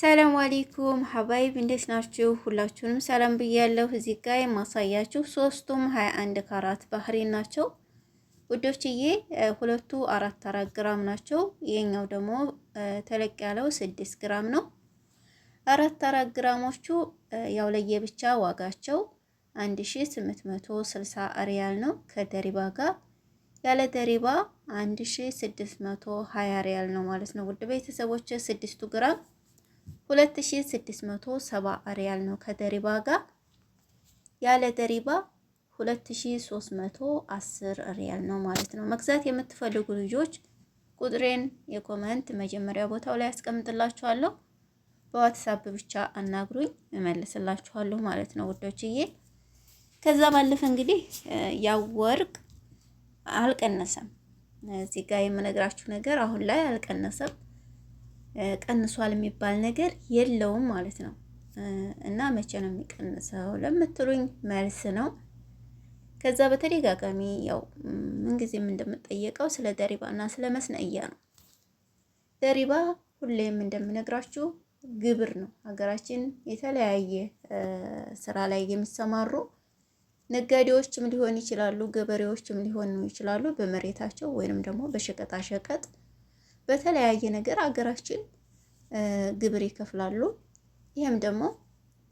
ሰላም አለይኩም ሀባይብ እንዴት ናችሁ? ሁላችሁንም ሰላም ብያለሁ። እዚህ ጋር የማሳያችሁ ሶስቱም ሀያ አንድ ካራት ባህሪን ናቸው ውዶችዬ። ሁለቱ አራት አራት ግራም ናቸው። ይሄኛው ደግሞ ተለቅ ያለው ስድስት ግራም ነው። አራት አራት ግራሞቹ ያው ለየብቻ ዋጋቸው አንድ ሺ ስምንት መቶ ስልሳ ሪያል ነው ከደሪባ ጋር ያለ ደሪባ 1620 ሪያል ነው ማለት ነው። ውድ ቤተሰቦች ስድስቱ ግራም 2670 ሪያል ነው ከደሪባ ጋር። ያለ ደሪባ 2310 ሪያል ነው ማለት ነው። መግዛት የምትፈልጉ ልጆች ቁጥሬን የኮመንት መጀመሪያ ቦታው ላይ አስቀምጥላችኋለሁ። በዋትሳፕ ብቻ አናግሩኝ እመልስላችኋለሁ ማለት ነው ውዶችዬ። ከዛ ባለፈ እንግዲህ ያው ወርቅ አልቀነሰም። እዚህ ጋር የምነግራችሁ ነገር አሁን ላይ አልቀነሰም። ቀንሷል የሚባል ነገር የለውም ማለት ነው። እና መቼ ነው የሚቀንሰው ለምትሉኝ መልስ ነው። ከዛ በተደጋጋሚ ያው ምንጊዜም እንደምጠየቀው ስለ ደሪባ እና ስለ መስነእያ ነው። ደሪባ ሁሌም እንደምነግራችሁ ግብር ነው። ሀገራችን የተለያየ ስራ ላይ የሚሰማሩ ነጋዴዎችም ሊሆን ይችላሉ፣ ገበሬዎችም ሊሆኑ ይችላሉ። በመሬታቸው ወይንም ደግሞ በሸቀጣሸቀጥ በተለያየ ነገር አገራችን ግብር ይከፍላሉ። ይህም ደግሞ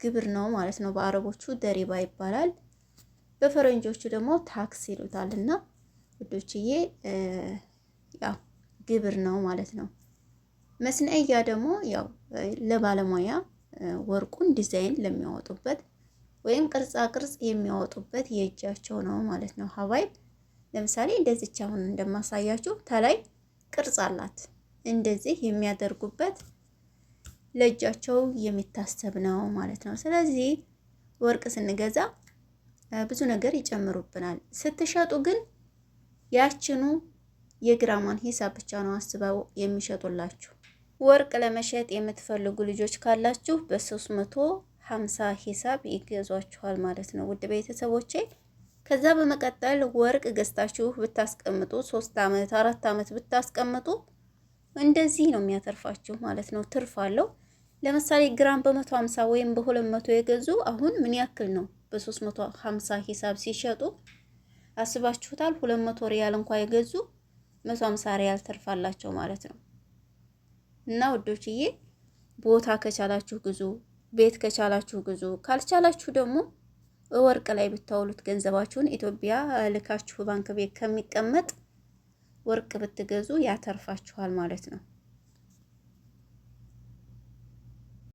ግብር ነው ማለት ነው። በአረቦቹ ደሪባ ይባላል። በፈረንጆቹ ደግሞ ታክስ ይሉታል። እና ውዶችዬ ያው ግብር ነው ማለት ነው። መስነያ ደግሞ ያው ለባለሙያ ወርቁን ዲዛይን ለሚያወጡበት ወይም ቅርጻ ቅርጽ የሚያወጡበት የእጃቸው ነው ማለት ነው። ሀባይብ ለምሳሌ እንደዚች አሁን እንደማሳያችሁ ተላይ ቅርጽ አላት። እንደዚህ የሚያደርጉበት ለእጃቸው የሚታሰብ ነው ማለት ነው። ስለዚህ ወርቅ ስንገዛ ብዙ ነገር ይጨምሩብናል። ስትሸጡ ግን ያችኑ የግራማን ሂሳብ ብቻ ነው አስበው የሚሸጡላችሁ። ወርቅ ለመሸጥ የምትፈልጉ ልጆች ካላችሁ በ350 ሂሳብ ይገዟችኋል ማለት ነው ውድ ቤተሰቦቼ። ከዛ በመቀጠል ወርቅ ገዝታችሁ ብታስቀምጡ ሶስት አመት አራት አመት ብታስቀምጡ እንደዚህ ነው የሚያተርፋችሁ ማለት ነው። ትርፍ አለው። ለምሳሌ ግራም በመቶ ሀምሳ ወይም በሁለት መቶ የገዙ አሁን ምን ያክል ነው? በሶስት መቶ ሀምሳ ሂሳብ ሲሸጡ አስባችሁታል። ሁለት መቶ ሪያል እንኳ የገዙ መቶ ሀምሳ ሪያል ትርፋላቸው ማለት ነው። እና ወዶችዬ ቦታ ከቻላችሁ ግዙ፣ ቤት ከቻላችሁ ግዙ፣ ካልቻላችሁ ደግሞ ወርቅ ላይ ብታውሉት ገንዘባችሁን ኢትዮጵያ ልካችሁ ባንክ ቤት ከሚቀመጥ ወርቅ ብትገዙ ያተርፋችኋል ማለት ነው።